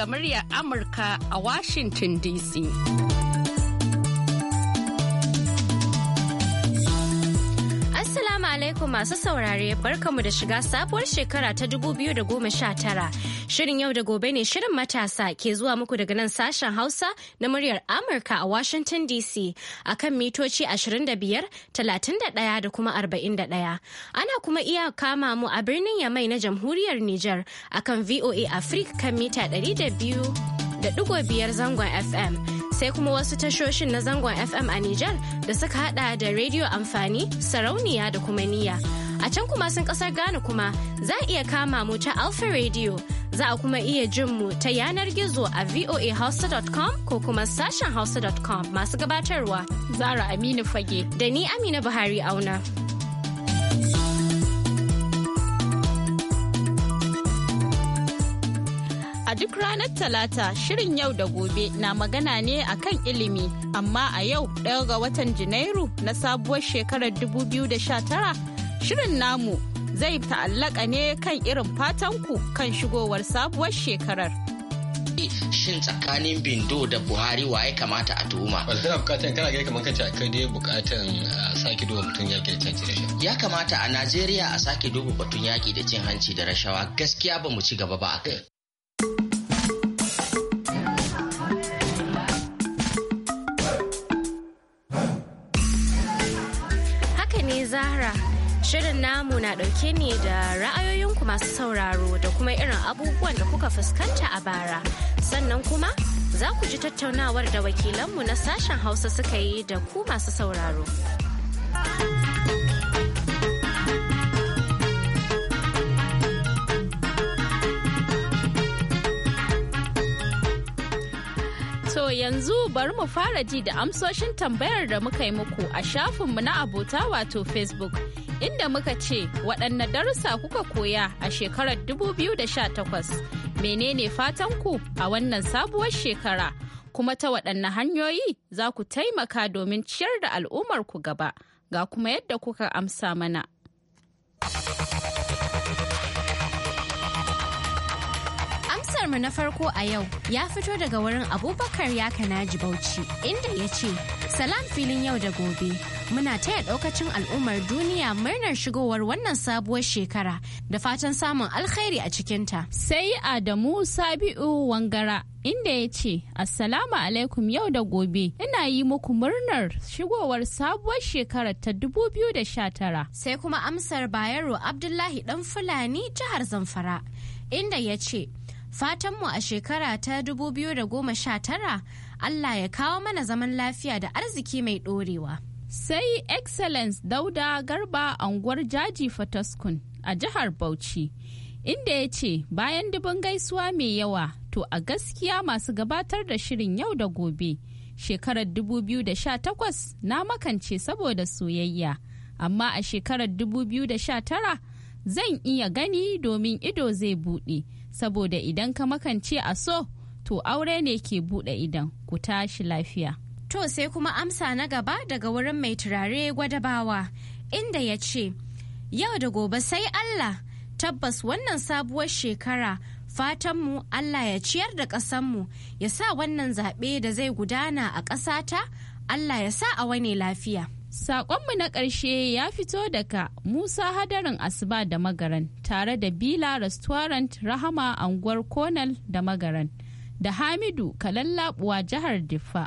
daga muryar Amurka a Washington DC. Assalamu alaikum masu saurare barkamu da shiga sabuwar shekara ta 2019. Shirin yau da gobe ne shirin matasa ke zuwa muku daga nan sashen Hausa na muryar Amurka a Washington DC a kan mitoci 25, 31 da kuma 41. Ana kuma iya kama mu a birnin Yamai na Jamhuriyar Nijar a kan VOA Africa kan mita 200.5 zangon FM. Sai kuma wasu tashoshin na zangon FM a Nijar da suka hada da rediyo amfani, sarauniya da kuma niya A can kuma sun kasar Ghana kuma za a iya kama mu ta Alpha Radio Za a kuma iya jin mu ta yanar gizo a voahausa.com ko kuma sashen hausa.com masu gabatarwa Zara Aminu Fage da ni Amina Buhari Auna. A duk ranar Talata shirin yau da gobe na magana ne akan ilimi, amma a yau ɗaya ga watan Janairu na sabuwar shekarar 2019 shirin namu zai ta'allaka ne kan irin fatanku kan shigowar sabuwar shekarar. shin tsakanin bindo da buhari wa ya kamata a tuhuma ba tana bukatan kana gani kamar kace kai dai bukatan uh, sake duba mutum yaƙi da cin hanci da rashawa ya kamata a najeriya a sake duba batun yaƙi da cin hanci da rashawa gaskiya ba mu ci gaba ba a kai haka ne zahra Shirin namu na ɗauke ne da ra'ayoyinku masu sauraro da kuma irin abubuwan da kuka fuskanta a bara. Sannan kuma za ku ji tattaunawar da wakilanmu na sashen Hausa suka yi da ku masu sauraro. To yanzu bari mu fara ji da amsoshin tambayar da muka yi muku a shafinmu na abota wato Facebook inda muka ce waɗanne darussa kuka koya a shekarar 2018 menene fatanku a wannan sabuwar shekara kuma ta waɗanne hanyoyi za ku taimaka domin ciyar da al'ummarku gaba ga kuma yadda kuka amsa mana. mu na farko a yau ya fito daga wurin Abubakar ya kanaji Bauchi inda ya ce, Salam filin yau da gobe. Muna taya ɗaukacin al'ummar duniya murnar shigowar wannan sabuwar shekara da fatan samun alkhairi a cikinta. Sai Adamu Sabi'u Wangara inda ya ce, Assalamu alaikum yau da gobe, ina yi muku murnar shigowar sabuwar shekarar ta dubu biyu da sha tara, Sai kuma amsar Bayero Abdullahi ɗan Fulani jihar Zamfara, inda ya ce, Fatanmu a shekara ta 2019 Allah ya kawo mana zaman lafiya da arziki mai ɗorewa. Sai Excellence Dauda Garba anguwar Jaji Fataskun a jihar Bauchi, inda ya ce bayan dubin gaisuwa mai yawa to a gaskiya masu gabatar da shirin yau da gobe shekarar 2018 na makance saboda soyayya, amma a shekarar 2019 zan iya gani domin ido zai buɗe. saboda idan ka makance a so to aure ne ke buɗe idan ku tashi lafiya. To sai kuma amsa na gaba daga wurin mai turare gwadabawa inda ya ce, Yau da gobe sai Allah, tabbas wannan sabuwar shekara fatanmu Allah ya ciyar da ƙasanmu ya sa wannan zaɓe da zai gudana a ƙasata Allah ya sa a wani lafiya. Saƙonmu na ƙarshe ya fito daga Musa Hadarin Asuba da Magaran tare da Bila Restaurant Rahama Anguwar Konal da Magaran da Hamidu Kalallabuwa Jihar Diffa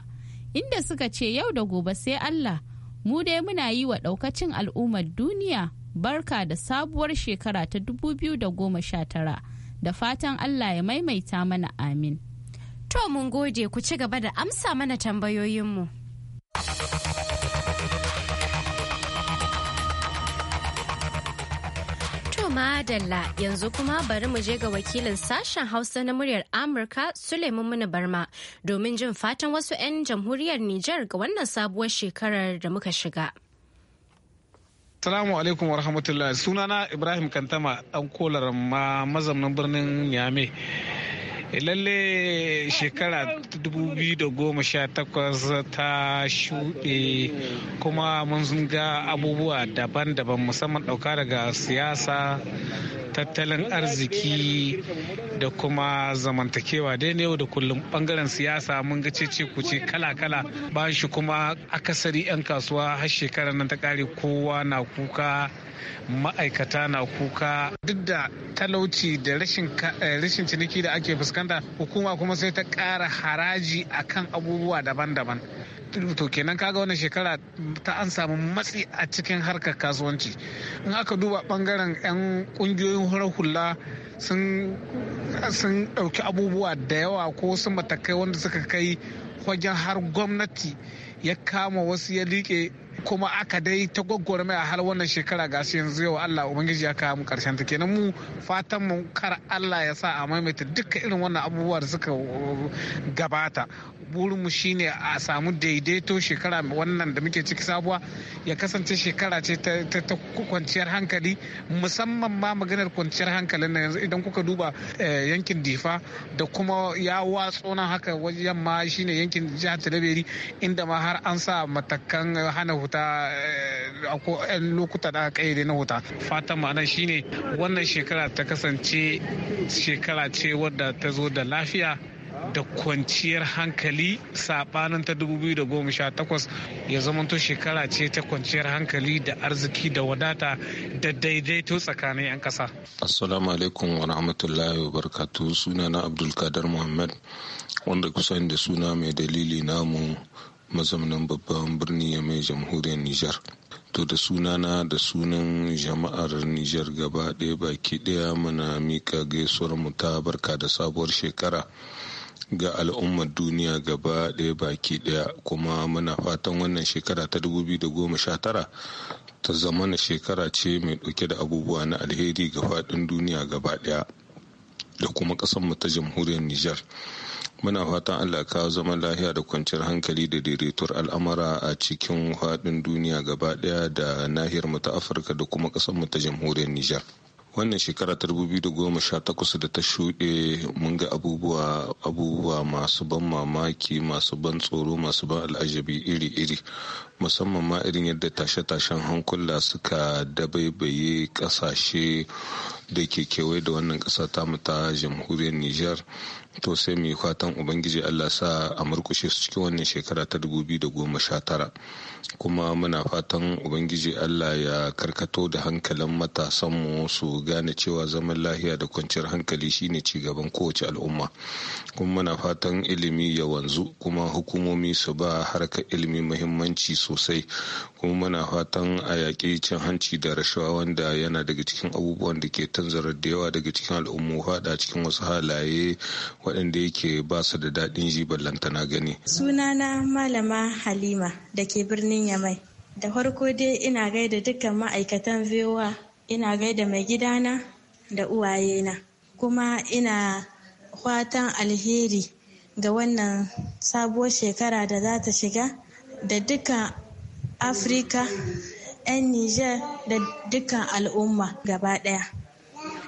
inda suka ce yau da gobe sai Allah mu dai muna yi wa ɗaukacin al'ummar duniya barka da sabuwar shekara ta 2019 da fatan Allah ya maimaita mana amin. To mun gode ku ci gaba da amsa mana tambayoyinmu. madalla yanzu kuma bari mu je ga wakilin sashen hausa na muryar amurka suleiman muni barma domin jin fatan wasu 'yan jamhuriyar nijar ga wannan sabuwar shekarar da muka shiga Salamu alaikum wa rahmatullahi sunana Ibrahim Kantama dan kolar ma mazaunin birnin yame lalle shekara 2018 ta shuɗe kuma mun ga abubuwa daban-daban musamman ɗauka daga siyasa tattalin arziki da kuma zamantakewa dai ne yau da kullum bangaren siyasa mun ga cece kuce kala-kala ba shi kuma akasari 'yan kasuwa har shekara nan ta kare kowa na kuka ma'aikata na kuka duk da talauci da rashin eh, ciniki da ake fuskanta hukuma kuma sai ta ƙara haraji a kan abubuwa daban-daban to kenan kaga wannan shekara ta an samu matsi a cikin harkar kasuwanci in aka duba bangaren 'yan kungiyoyin hular hula sun ɗauki abubuwa da yawa ko sun matakai wanda suka kai wajen har gwamnati ya kama wasu ya liƙe kuma aka dai ta mai a hal wannan shekara ga su yanzu yau Allah ubangiji ya kawo mu karshen ta kenan mu fatan mu kar Allah ya sa a maimaita duka irin wannan abubuwa da suka uh, gabata burinmu shine a samu daidaito shekara wannan da muke ciki sabuwa ya kasance shekara ce ta kwanciyar hankali musamman ma maganar kwanciyar hankali na yanzu idan kuka duba eh, yankin difa da kuma ya watso na haka wajen ma shine yankin jihar talabiri inda ma har an sa matakan hana wuta eh, a yan lokuta da aka yi na wuta fatan ma'ana shine wannan shekara ta kasance shekara ce wadda ta zo da lafiya da kwanciyar hankali sabanin ta 2018 ya zamanto shekara ce ta kwanciyar hankali da arziki da wadata da daidaito tsakanin 'yan kasa. assalamu alaikum wa rahmatullahi wa barkatu suna na abdulkadar muhammad wanda kusan da suna mai dalili namu mazaunin babban birni ya mai jamhuriyar Nijar. To da sunana da sunan jama'ar Nijar gaba ɗaya baki ɗaya muna mika gaisuwar mu ta barka da sabuwar shekara ga al'ummar duniya gaba ɗaya baki ɗaya kuma muna fatan wannan shekara ta 2019 ta zama na shekara ce mai ɗauke da abubuwa na alheri ga faɗin duniya gaba ɗaya da kuma ƙasar ta jamhuriyar Nijar. muna fatan allah kawo zaman lahiya da kwanciyar hankali da daidaituwar al'amura a cikin faɗin duniya gaba ɗaya da nahiyar mu ta afirka da kuma ƙasar mu ta jamhuriyar nijar wannan shekara ta 2018 da ta shuɗe mun ga abubuwa abubuwa masu ban mamaki masu ban tsoro masu ban al'ajabi iri-iri musamman ma irin yadda tashe-tashen hankula suka dabaibaye kasashe da ke kewaye da wannan ƙasa ta jamhuriyar niger to sai mu yi fatan ubangiji allah sa a murkushe su cikin wannan shekara ta dubu da goma sha tara kuma muna fatan ubangiji allah ya karkato da hankalin matasanmu su gane cewa zaman lahiya da kwanciyar hankali shine ci gaban kowace al'umma kuma muna fatan ilimi ya wanzu kuma hukumomi su ba harkar ilimi muhimmanci sosai kuma muna fatan a yaƙi cin hanci da rashawa wanda yana daga cikin abubuwan da ke tanzarar da yawa daga cikin al'ummu faɗa cikin wasu halaye waɗanda yake ba su da daɗin ji ballantana gani. Sunana Malama Halima da ke birnin Yamai. Da farko dai ina gaida dukkan ma'aikatan VOA, ina gaida mai gidana da uwayena. Kuma ina fatan alheri ga wannan sabuwar shekara da za ta shiga da dukkan afrika 'yan Nijar da dukkan al'umma gaba ɗaya.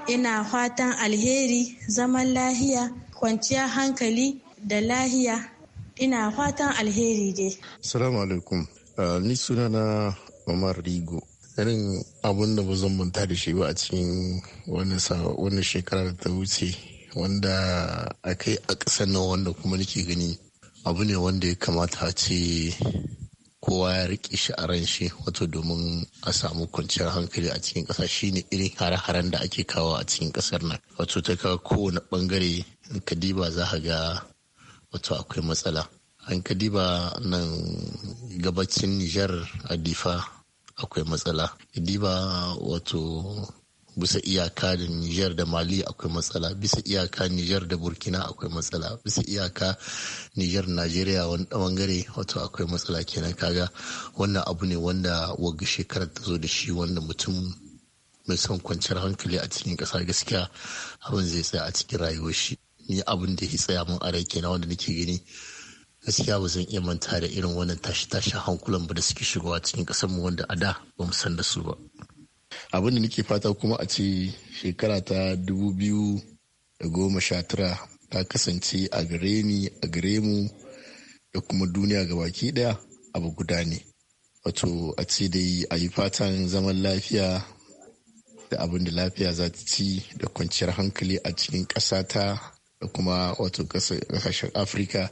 Ina fatan alheri, zaman lahiya, kwanciyar hankali da lahiya ina fatan alheri dai. Salamu alaikum. Ah, ni suna na Omar Rigo. Irin abin da ba zan manta da shi ba a cikin wani shekara da ta wuce wanda a kai a ƙasar nan wanda kuma nake gani abu ne wanda ya kamata a ce kowa ya riƙe shi a ran shi wato domin a samu kwanciyar hankali a cikin ƙasa shine irin hare-haren da ake kawo a cikin ƙasar nan wato ta kawo kowane ɓangare in ka diba za ka ga wato akwai matsala an ka diba nan gabacin Nijar a difa akwai matsala diba wato bisa iyaka da Nijar da Mali akwai matsala bisa iyaka Nijar da Burkina akwai matsala bisa iyaka Nijar Najeriya wani bangare wato akwai matsala kenan kaga wannan abu ne wanda wagga shekarar ta zo da shi wanda mutum mai son kwanciyar hankali a cikin kasa gaskiya abin zai tsaya a cikin rayuwar shi ni abin da ya tsaya mun arai kenan wanda nake gani gaskiya ba zan iya manta da irin wannan tashi-tashin hankulan ba da suke shigowa cikin kasar mu wanda a da ba mu san da su ba. abin da nake fata kuma a ce shekara ta dubu da goma sha tara ta kasance a gare ni a gare mu da kuma duniya ga baki daya abu guda ne wato a ce dai a yi fatan zaman lafiya da abin da lafiya za ta ci da kwanciyar hankali a cikin ta da kuma wato ƙasashen afirka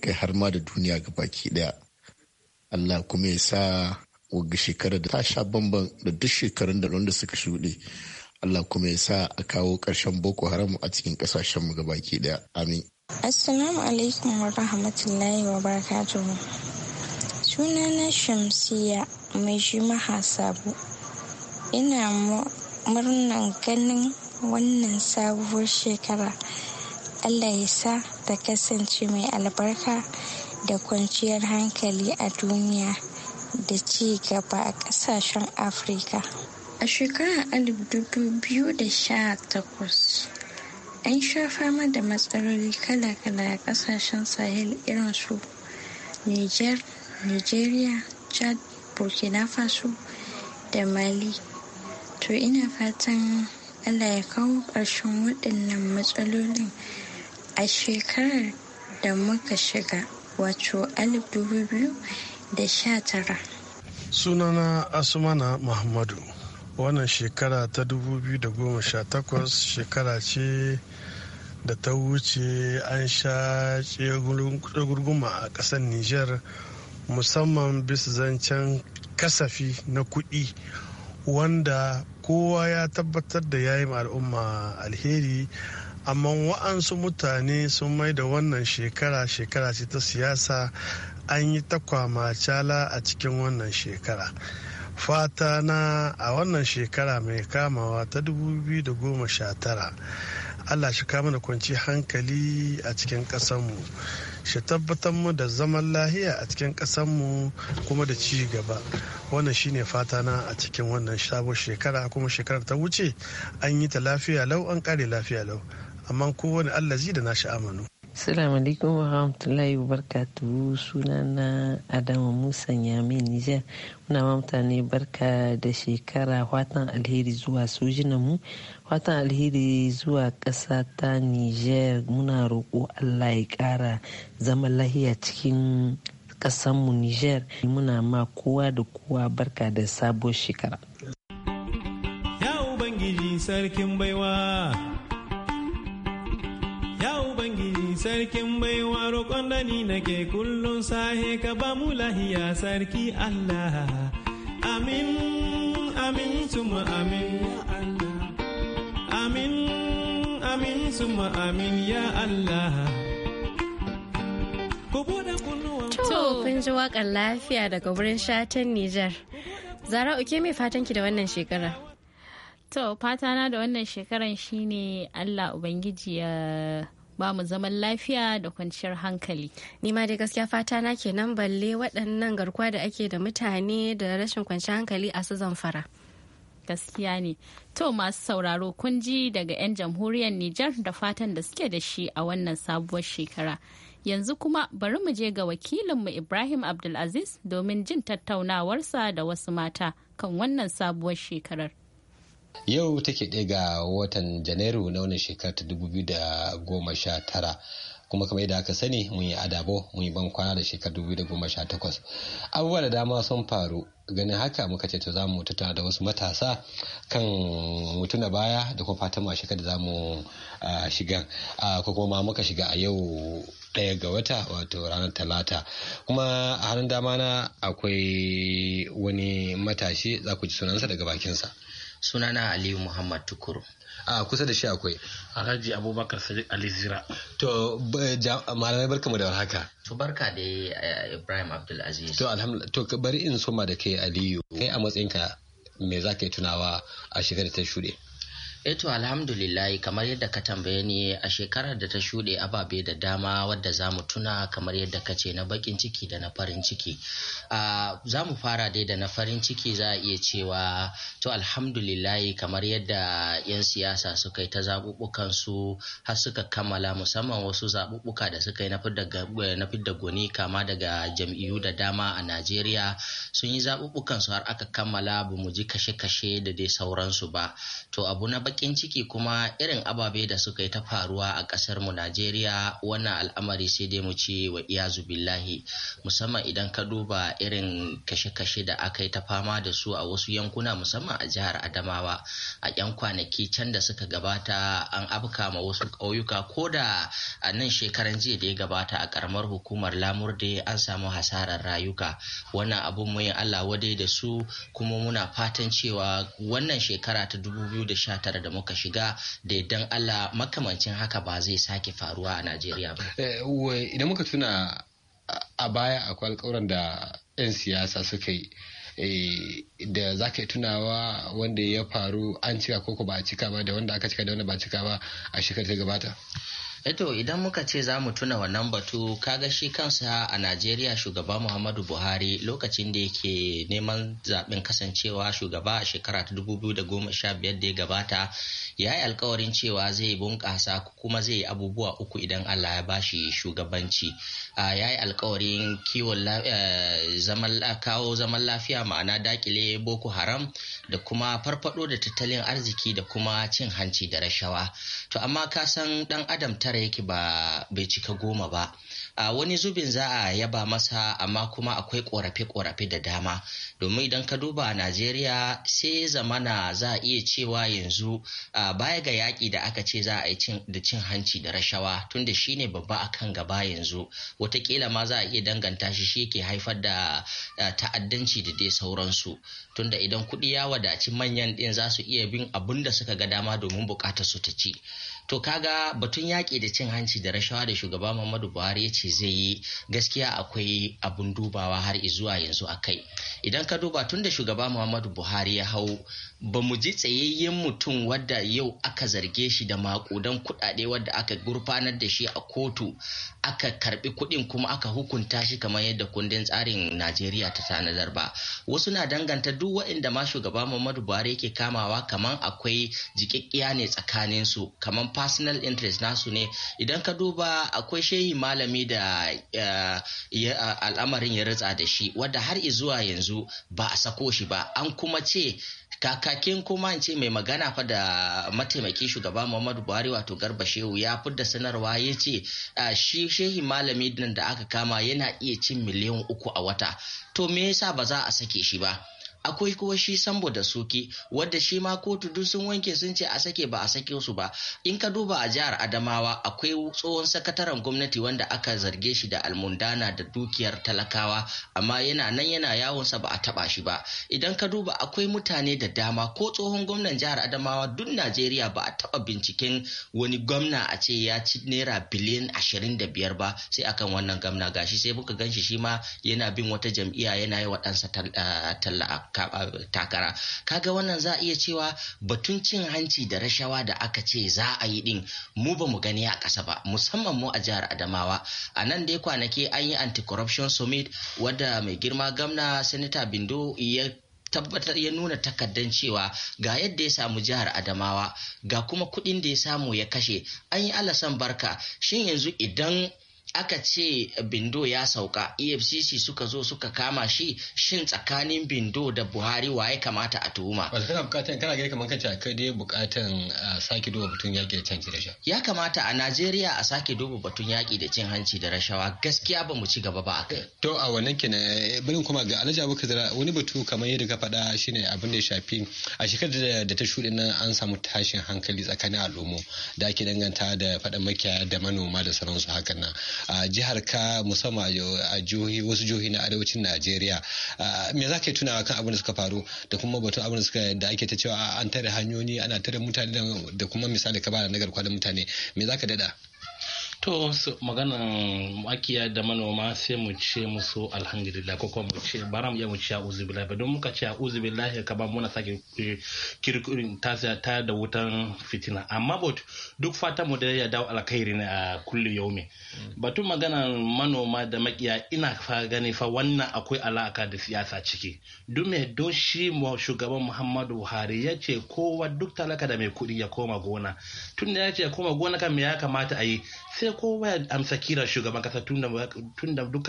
kai har ma da duniya ga baki daya allah kuma ya sa wagga shekara da ta sha bamban da duk shekarun da wanda suka shuɗe Allah kuma ya sa a kawo ƙarshen boko haram a cikin ƙasashen mu gabaki daya amin assalamu alaikum wa rahmatullahi wa suna na shamsiya mai shi sabu ina murnan ganin wannan sabuwar shekara Allah ya sa ta kasance mai albarka da kwanciyar hankali a duniya da ci gaba a kasashen afirka a shekarar 2018 an sha fama da matsaloli kala-kala a kasashen sahel irin su niger nigeria chad burkina faso da mali to ina fatan allah ya kawo ƙarshen waɗannan matsalolin a shekarar da muka shiga wato alif biyu. da sha tara. Sunana Asumana Muhammadu. Wannan shekara ta 2018 shekara ce da ta wuce an sha tsegurguma a ƙasar Nijar musamman bisa zancen kasafi na kuɗi wanda kowa ya tabbatar da yayi al'umma alheri amma wa'ansu mutane sun mai da wannan shekara shekara ce ta siyasa an yi takwama cala a cikin wannan shekara fata na a wannan shekara mai kamawa ta 2019 allah shi kama da kwanci hankali a cikin ƙasanmu shi tabbatar mu da zaman lahiya a cikin ƙasanmu kuma da ci gaba wannan shine fata na a cikin wannan sabon shekara kuma shekarar ta wuce an yi ta lafiya lau an kare lafiya lau amma kowane allazi da nashi amanu Salamu alaikum wa rahmatullahi wa barakatuhu sunana Adamu Musa nyami Nijar. Muna ma mutane barka da shekara watan alheri zuwa sojinamu Watan alheri zuwa ƙasa ta Nijar muna roƙo Allah ya ƙara zama lahiya cikin ƙasanmu Nijar. Muna ma kowa da kowa barka da sabuwar shekara. Ya Ubangiji sarkin baiwa. sarkin baiwa roƙon da ni nake kullum sahe ka ba mu lahiya sarki Allah. Amin, amin, tuma amin, ya Allah. Amin, amin, tuma amin, ya Allah. To, kun ji waƙar lafiya daga wurin shatan Nijar. Zara, uke mai fatan ki da wannan shekara? To, fatana da wannan shekaran shine Allah Ubangiji ya ba mu zaman lafiya da kwanciyar hankali ni ma dai gaskiya fata na kenan balle waɗannan garkuwa da ake da mutane da rashin kwanciyar hankali a su zamfara gaskiya ne to masu sauraro kun ji daga 'yan jamhuriyar Nijar da fatan da suke da shi a wannan sabuwar shekara yanzu kuma bari mu je ga wakilinmu Ibrahim Abdulaziz domin jin tattaunawarsa da wasu mata kan wannan sabuwar shekarar yau take ɗaya ga watan janairu na wannan shekara ta dubu biyu da goma sha tara kuma kamar yadda aka sani mun yi adabo mun yi bankwana da shekarar dubu da goma sha takwas abubuwa da dama sun faru ganin haka muka ce to za mu tattauna da wasu matasa kan mutuna baya da kuma fatan ma shekarar da za mu shiga ko kuma muka shiga a yau ɗaya ga wata wato ranar talata kuma a hannun dama na akwai wani matashi za ku ji sunansa daga bakinsa. sunana aliyu muhammad tukuru a kusa da shi akwai alhaji abubakar sadiq ali zira to malamai mu da warhaka to barka da ibrahim abdulaziz to alhamdulillah to bari in soma da kai aliyu kai a matsayinka me za ka yi tunawa a shekarar ta shuɗe Eto alhamdulillahi kamar yadda ka tambaye ni a shekarar da ta shuɗe ababe da dama wadda za mu tuna kamar yadda ka ce na bakin ciki da na farin ciki. za mu fara dai da na farin ciki za a iya cewa to alhamdulillahi kamar yadda 'yan siyasa suka yi ta zaɓuɓɓukan su har suka kammala musamman wasu zaɓuɓɓuka da suka yi na fidda goni kama daga jam'iyyu da dama a Najeriya sun yi zaɓuɓɓukan su har aka kammala ba mu ji kashe-kashe da dai sauransu ba. To abu na bakin ciki kuma irin ababe da suka yi ta faruwa a kasar mu Najeriya wannan al'amari sai dai mu ce wa iyazu billahi musamman idan ka duba irin kashe-kashe da aka yi ta fama da su a wasu yankuna musamman a jihar Adamawa a yan kwanaki can da suka gabata an abka ma wasu ƙauyuka ko da a nan shekaran jiya da ya gabata a karamar hukumar Lamurde an samu hasarar rayuka wannan abun mu Allah wadai da su kuma muna fatan cewa wannan shekara ta 2019 da muka shiga da idan Allah makamancin haka ba zai sake faruwa a Najeriya ba. Eh, idan muka tuna a baya akwai alkawuran da 'yan siyasa suka yi eh, da za ka yi tunawa wanda ya faru an cika ko ba a cika ba da wanda aka cika da wanda ba a cika ba a shekarar ta gabata. Eto eh idan muka ce za mu tuna wannan batu kaga shi kansa a Najeriya shugaba Muhammadu Buhari lokacin da yake neman zaɓen kasancewa shugaba a shekara ta 2015 da ya gabata ya yi alkawarin cewa zai bunƙasa kuma zai yi abubuwa uku idan Allah ya bashi shugabanci ya yi alkawarin kiwon eh, kawo zaman lafiya ma'ana dakile boko haram da kuma farfado da tattalin arziki da kuma cin hanci da rashawa to amma ka san dan adam tara yake ba bai cika goma ba a wani zubin za a yaba masa amma kuma akwai korafe-korafe da dama domin idan ka duba a najeriya sai zamana za a iya cewa yanzu baya ga yaƙi da aka ce za a yi da cin hanci da rashawa tunda shi ne babba a kan gaba yanzu watakila ma za a iya danganta shi shi ke haifar da ta'addanci da dai sauransu tunda idan kuɗi ya wadaci manyan ɗin za su iya bin abin da suka ga dama domin buƙatar su ta ci to kaga batun yaƙi da cin hanci da rashawa da shugaba muhammadu buhari ya ce zai yi gaskiya akwai abun dubawa har zuwa yanzu a kai idan ka duba tun da shugaba muhammadu buhari ya hau ba mu ji tsayayyen mutum wadda yau aka zarge shi da makudan kuɗaɗe wadda aka gurfanar da shi a kotu aka karbi kuɗin kuma aka hukunta shi kamar yadda kundin tsarin najeriya ta tanadar ba wasu na danganta duk waɗanda ma shugaba muhammadu buhari yake kamawa kamar akwai jikikkiya ne tsakanin su kamar personal interest nasu ne idan ka duba akwai shehi malami da eh, al'amarin ya ritsa da shi wadda har zuwa yanzu ba a sako shi ba an kuma ce kakakin kuma in ce mai magana fa da mataimakin shugaba muhammadu buhari wato garba shehu ya fidda sanarwa ya ce shi shehi malami da aka kama yana iya cin miliyan uku a wata to me yasa ba za a sake shi ba akwai kuwa shi sambo da suki wadda shi ma kotu duk sun wanke sun ce a sake ba a sake su ba in ka duba a jihar adamawa akwai tsohon sakataren gwamnati wanda aka zarge shi da almundana da dukiyar talakawa amma yana nan yana yawonsa ba a taba shi ba idan ka duba akwai mutane da dama ko tsohon gwamnan jihar adamawa duk najeriya ba a taba binciken wani gwamna a ce ya ci naira biliyan ashirin da biyar ba sai akan wannan gwamna gashi sai muka ganshi shi ma yana bin wata jam'iyya yana yi wa ɗansa ah, talla'a takara kaga wannan za a iya cewa batun cin hanci da rashawa da aka ce za a yi din mu ba mu gani a ƙasa ba musamman mu a jihar adamawa a nan dai kwanaki an yi anti-corruption summit wadda mai girma gamna senator bindo ya tabbatar ya nuna takardan cewa ga yadda ya samu jihar adamawa ga kuma kuɗin da ya samu ya kashe an yi alasan barka shin yanzu idan aka ce bindo ya sauka efcc suka zo suka kama shi shin tsakanin bindo da buhari waye kamata a tuhuma ba kana bukatan kana gari kamar kace kai dai bukatan a sake duba batun yaki da cin da rashawa ya kamata a najeriya a sake duba batun yaki da cin hanci da rashawa gaskiya ba mu ci gaba ba a kai to a wannan kenan eh, bari kuma ga alhaji abubakar zara wani batu kamar yadda ka faɗa shine abin da ya shafi a shekarar da ta shuɗe nan an samu tashin hankali tsakanin al'ummu da ake danganta da faɗan makiyaya da manoma da sauransu hakan nan a jihar ka musamman a jihohi wasu jihohi na arewacin najeriya me za ka yi tunawa kan abin da suka faru da kuma batun abin da suka ake ta cewa an tare hanyoyi ana tare mutane da kuma misali ka ba da nagar da mutane me za ka dada To so, maganan makiya da manoma sai mu ce musu alhamdulillah ko kuma mu ce bara mu mu ce a'udhu billahi don muka ce a'udhu billahi ka ba muna sake eh, kirkirin ta ta da wutan fitina amma bot duk fata mu da ya dawo alkhairi ne a kulli yaumi batun maganan manoma da makiya ina fa gani fa wannan akwai alaka da siyasa ciki duk shi mu shugaban Muhammadu Buhari ya ce kowa duk talaka da mai kuɗi ya koma gona tun da ya ce ya koma gona kan me ya kamata a yi sai kowa ya amsa kiran shugaban kasa tun da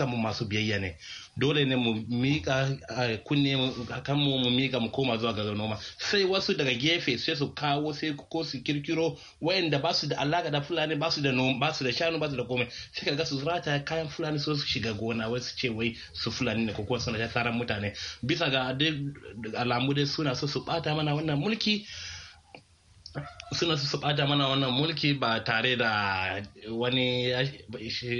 mu masu biyayya ne dole ne mu mika eh, kunne kanmu mu mika mu koma zuwa ga noma sai wasu daga gefe sai su kawo sai ko su kirkiro wayanda ba su da alaka da fulani ba su da ba su da shanu ba da komai sai kaga su rata kayan fulani sai su shiga gona wai su ce wai su fulani ne ko kuma suna ta mutane bisa ga alamu dai suna so su bata mana wannan mulki suna su bata mana wannan mulki ba tare da wani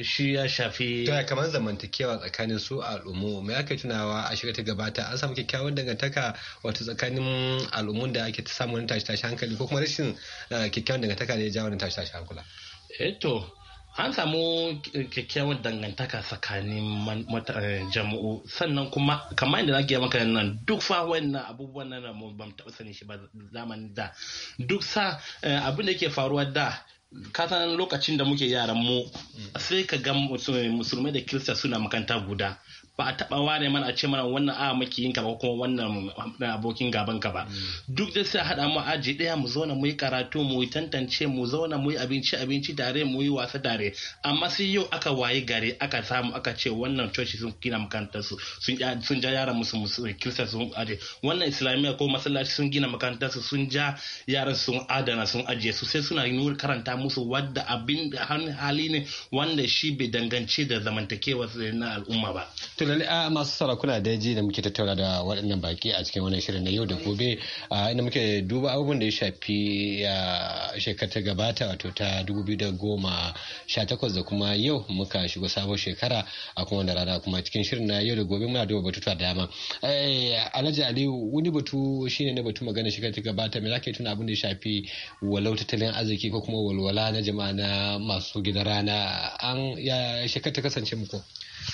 shi ya shafi to ya kamar zamantakewa tsakanin su al'ummu mai aka tunawa a shirya ta gabata an samu kyakkyawar dangantaka wato tsakanin al'ummun da ake samun wani tashi tashi hankali ko kuma rashin eh, kyakkyawan dangantaka da ya jawo wani tashi tashi hankula eh an samu kyakkyawan dangantaka tsakanin eh, jama'u sannan kuma kamar yadda zaki maka nan duk fa wannan abubuwan nan mu ban taɓa sani shi ba zamanin da duk sa eh, abin da ke faruwa da kasan lokacin da muke yaran mu mm. sai ka ga musulmai da kirista suna makanta guda ba a taba ware mana a ce mana wannan a makiyin ka ba kuma wannan abokin gaban ka ba mm. duk da sai haɗa mu aji ɗaya mu zauna mu yi karatu mu yi tantance mu zauna mu yi abinci abinci tare mu yi wasa tare amma sai yau aka wayi gare aka samu aka ce wannan coci sun gina makarantar su sun ja yaran musu kirista sun aje wannan islamiyya ko masallaci sun gina makarantar su sun ja yaran sun adana sun aje su sai suna nuna karanta musu wadda abin hali ne wanda shi bai danganci da zamantakewa na al'umma ba. saurari a masu sarakuna da ji da muke tattauna da waɗannan baki a cikin wani shirin na yau da gobe a inda muke duba abubuwan da ya shafi a ta gabata wato ta 2018 da kuma yau muka shigo sabon shekara a kuma da rana kuma cikin shirin na yau da gobe muna duba batutuwa da dama eh, alhaji ali wani batu shine na batu magana shekar ta gabata me zaka tuna abin da ya shafi walau tattalin arziki ko kuma walwala na jama'a na masu gidan rana an ya kasance muku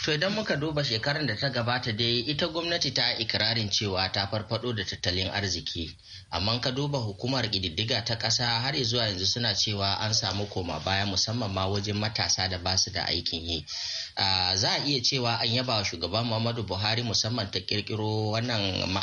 To idan muka duba shekarar da ta gabata dai ita gwamnati ta ikirarin cewa ta farfado da tattalin arziki, amma ka duba hukumar ƙididdiga ta ƙasa har zuwa yanzu suna cewa an samu koma baya musamman ma wajen matasa da basu da aikin yi. za a iya cewa an yaba wa shugaban muhammadu buhari musamman ta kirkiro wannan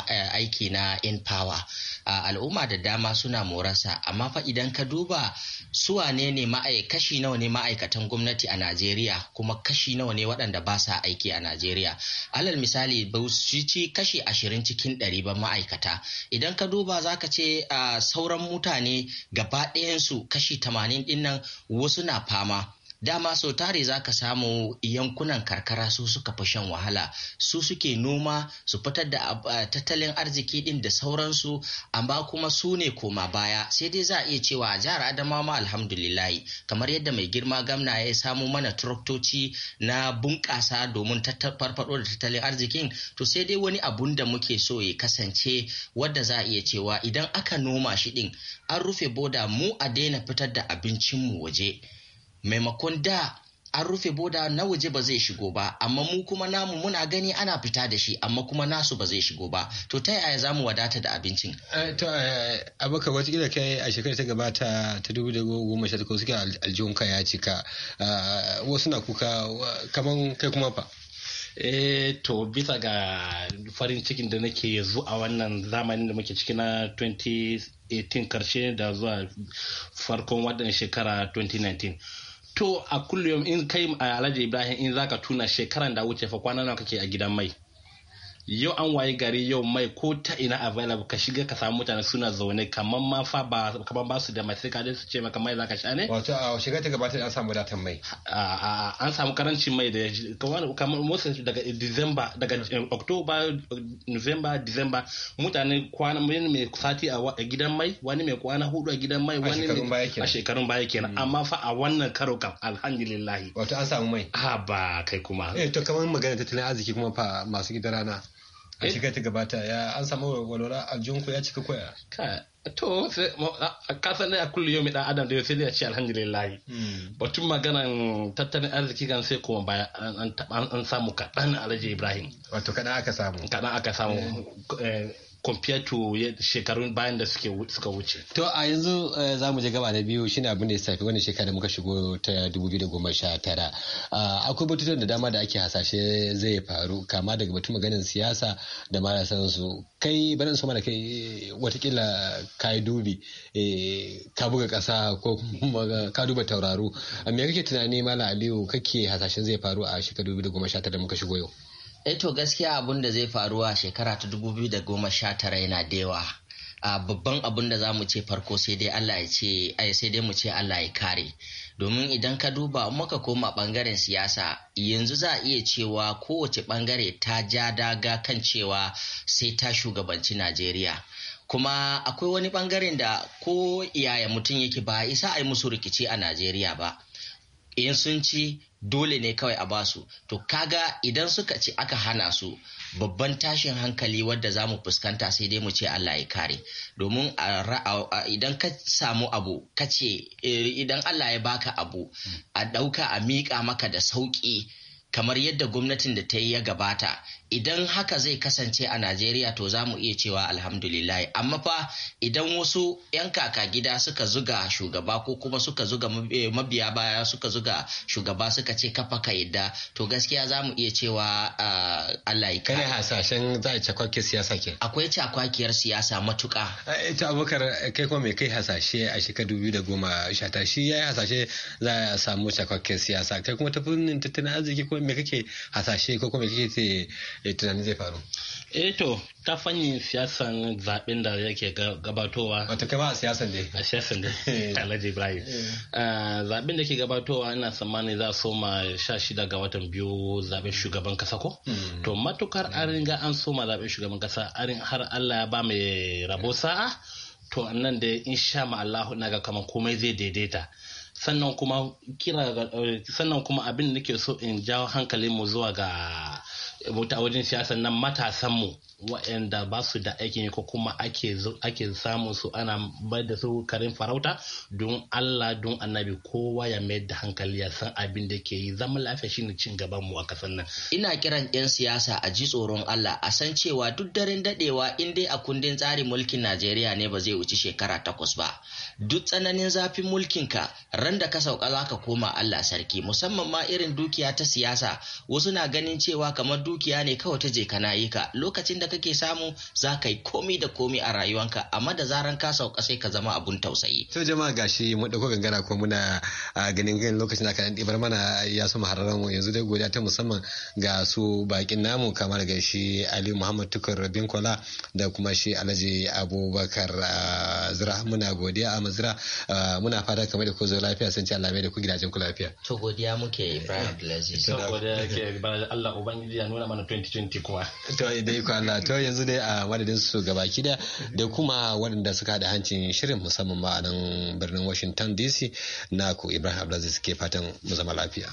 eh, aiki na in power al'umma da dama suna morasa amma fa idan ka duba su wane ne kashi nawa ne ma'aikatan gwamnati a najeriya kuma kashi nawa ne waɗanda ba sa aiki a najeriya alal misali ba ci kashi ashirin cikin ɗari ba ma'aikata idan ka duba za ka ce sauran mutane gaba ɗayansu kashi tamanin ɗin wasu na fama dama sau tare za ka samu yankunan karkara su suka fi shan wahala su suke noma su fitar da eh, tattalin arziki din da sauransu amma kuma su ne koma baya sai dai za a iya cewa a jihar adamawa ma alhamdulillahi kamar yadda mai girma gamna ya samo mana turaktoci na bunƙasa domin farfaɗo da tattalin arzikin to sai dai wani abun da muke so ya kasance wadda za a iya cewa idan aka noma shi din an rufe boda mu a daina fitar da abincinmu waje maimakon da an rufe boda na waje ba zai shigo ba amma mu kuma namu muna gani ana fita da shi amma kuma nasu ba zai shigo ba to ta yaya za mu wadata da abincin eh, to eh, abaka wata kila kai a shekarar ta gabata ta dubu da goma sha takwas aljihun aljihunka ya cika eh, wasu na kuka kaman kai kuma fa eh to bisa ga farin cikin da nake yanzu a wannan zamanin da muke ciki na 2018 karshe da zuwa farkon wannan shekara 2019 to a kullum in kai a alhaji ibrahim in zaka tuna shekaran da wuce fa kwana nawa kake a gidan mai yau an waye gari yau mai ko ta ina available ka shiga ka samu mutane suna zaune kamar ma fa ba kamar ba su da mai sai ka su ce maka mai zaka sha ne wato a shiga ta gabatar an samu datan mai an samu karancin mai da kamar musu daga December daga eh, October November December mutane kwana mai sati a gidan mai wani mai kwana hudu a gidan mai wani a shekarun baya kenan mm. amma fa a wannan karo kam alhamdulillah wato an samu mai ha ba kai kuma eh to kamar magana tattalin arziki kuma fa masu gidan rana a eh? shiga ta gabata ya an samu walwala junku ya cika koya ka to ka san a kullu yau mai dan adam da yau sai ya ce alhamdulillah hmm. batun maganan tattalin arziki kan sai kuma baya an samu kaɗan alhaji ibrahim wato kaɗan aka samu kaɗan aka samu eh. Eh, compared to shekarun bayan da suka wuce. To a yanzu eh, za mu je gaba na biyu shine abin da ya safi wani shekara muka shigo ta 2019. Akwai batutun da dama da ake hasashe zai faru kama daga batun maganin siyasa da marasan su. Kai bari su mana kai watakila ka yi dubi eh, ka buga ƙasa ko ka duba tauraro. Me kake tunani Malam Aliyu kake hasashen zai faru a shekara 2019 da muka shigo yau? Eto eh, gaskiya abun da zai faru a shekara ta 2019 yana da yawa. a babban abun da za mu ce farko sai dai Allah ya ce ai sai dai mu ce Allah ya kare domin idan ka duba muka koma bangaren siyasa yanzu za a iya cewa kowace bangare ta ja daga kan cewa sai ta shugabanci Najeriya kuma akwai wani bangaren da ko yaya mutum yake ba isa a yi musu rikici a Najeriya ba in sun ci dole ne kawai a basu to kaga idan suka ce aka hana su babban tashin hankali wadda za mu fuskanta sai dai mu ce Allah ya kare domin idan ka samu abu ka ce eh, idan Allah ya baka abu a ɗauka a miƙa maka da sauƙi kamar yadda gwamnatin da ta yi ya gabata idan haka zai kasance a Najeriya to za mu iya cewa alhamdulillah amma fa idan wasu 'yan kaka gida suka zuga shugaba ko kuma suka zuga eh, mabiya baya suka zuga shugaba suka ce kafa ka yadda to gaskiya za mu iya cewa ah, Allah ya kare hasashen za a cakwakiyar siyasa ke akwai cakwakiyar siyasa matuka ita abokar kai kuma mai kai hasashe a shekarar 2019 shi ya yi hasashe za a samu cakwakiyar siyasa kai kuma tafi tattalin arziki kuma me kake hasashe ko kuma me kake e eh, tunanin zai faru eh to ta fanyin siyasan zaben da yake gabatowa wata kai ba a siyasan dai a siyasan dai eh. alhaji ibrahim eh. ah, zaben da ke gabatowa ina tsammani za soma sha shida ga watan biyu zaben shugaban kasa ko hmm. to matukar arin ga an soma zaben shugaban kasa arin har allah ya ba mai rabo hmm. sa'a to nan da insha ma Allah na ga kamar komai zai daidaita sannan kuma kira sannan kuma abin da nake so in jawo hankalin mu zuwa ga Mota wajen siyasan nan matasanmu waɗanda ba su da aikin ko kuma ake samun su ana bai da su karin farauta don Allah don annabi kowa ya mayar da hankali ya san abin da ke yi zama lafiya shine cin gaban mu a kasan nan ina kiran yan siyasa a ji tsoron Allah a san cewa duk daren dadewa in dai a kundin tsarin mulkin Najeriya ne ba zai wuci shekara takwas ba duk tsananin zafin mulkin ka ran da ka sauka za ka koma Allah sarki musamman ma irin dukiya ta siyasa wasu na ganin cewa kamar dukiya ne kawai ta je kana yi ka lokacin da da kake samu za ka yi komi da komi a rayuwanka amma da zaran ka sauka sai ka zama abun tausayi. To jama'a gashi mu dauko gangara ko muna ganin ganin lokacin aka ɗibar mana ya su mu mu yanzu dai godiya ta musamman ga su bakin namu kamar ga shi Ali Muhammad Tukur Binkola da kuma shi Alhaji Abubakar Zira muna godiya a mazira muna fata kamar da ku zo lafiya sun ci Allah mai da ku gidajen ku lafiya. To godiya muke Ibrahim Abdulaziz. To godiya ke Allah Ubangiji ya nuna mana 2020 kuma. To dai ku Allah to yanzu dai a madadin su gabaki kida da kuma wadanda suka haɗa hancin shirin musamman ma a nan birnin Washington DC na ku Ibrahim Abdulaziz ke fatan mu zama lafiya.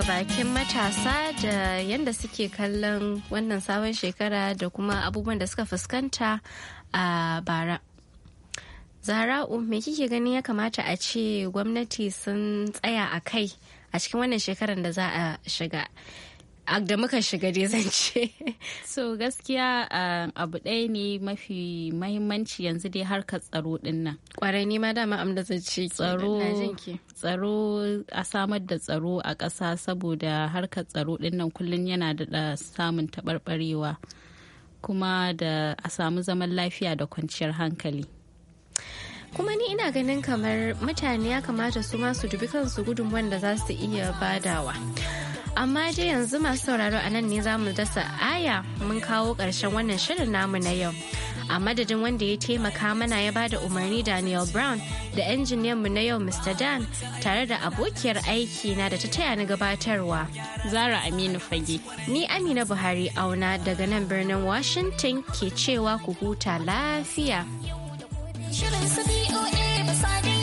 daga bakin matasa da yadda suke kallon wannan sabon shekara da kuma abubuwan da suka fuskanta a bara. Zahra'u me kike gani ya kamata a ce gwamnati sun tsaya a kai a cikin wannan shekarar da za a shiga da muka shiga dai zan ce. so gaskiya um, abu ɗaya ne mafi mahimmanci yanzu dai harkar tsaro ɗin nan. Kwarai ne ma dama amda zan ce tsaro tsaro a samar da tsaro a ƙasa saboda harkar tsaro ɗin nan kullum yana da samun taɓarɓarewa kuma da a samu zaman lafiya da kwanciyar hankali. kuma ni ina ganin kamar mutane ya kamata su ma su dubi kansu gudun wanda za su iya badawa. amma je yanzu masu sauraro a nan ne za mu dasa aya mun kawo karshen wannan shirin namu na yau a madadin wanda ya taimaka mana ya bada umarni daniel brown da injiniyan mu na yau mr dan tare da abokiyar aiki na da ta taya ni gabatarwa zara aminu fage ni amina buhari auna daga nan birnin washington ke cewa ku huta lafiya shirin su boa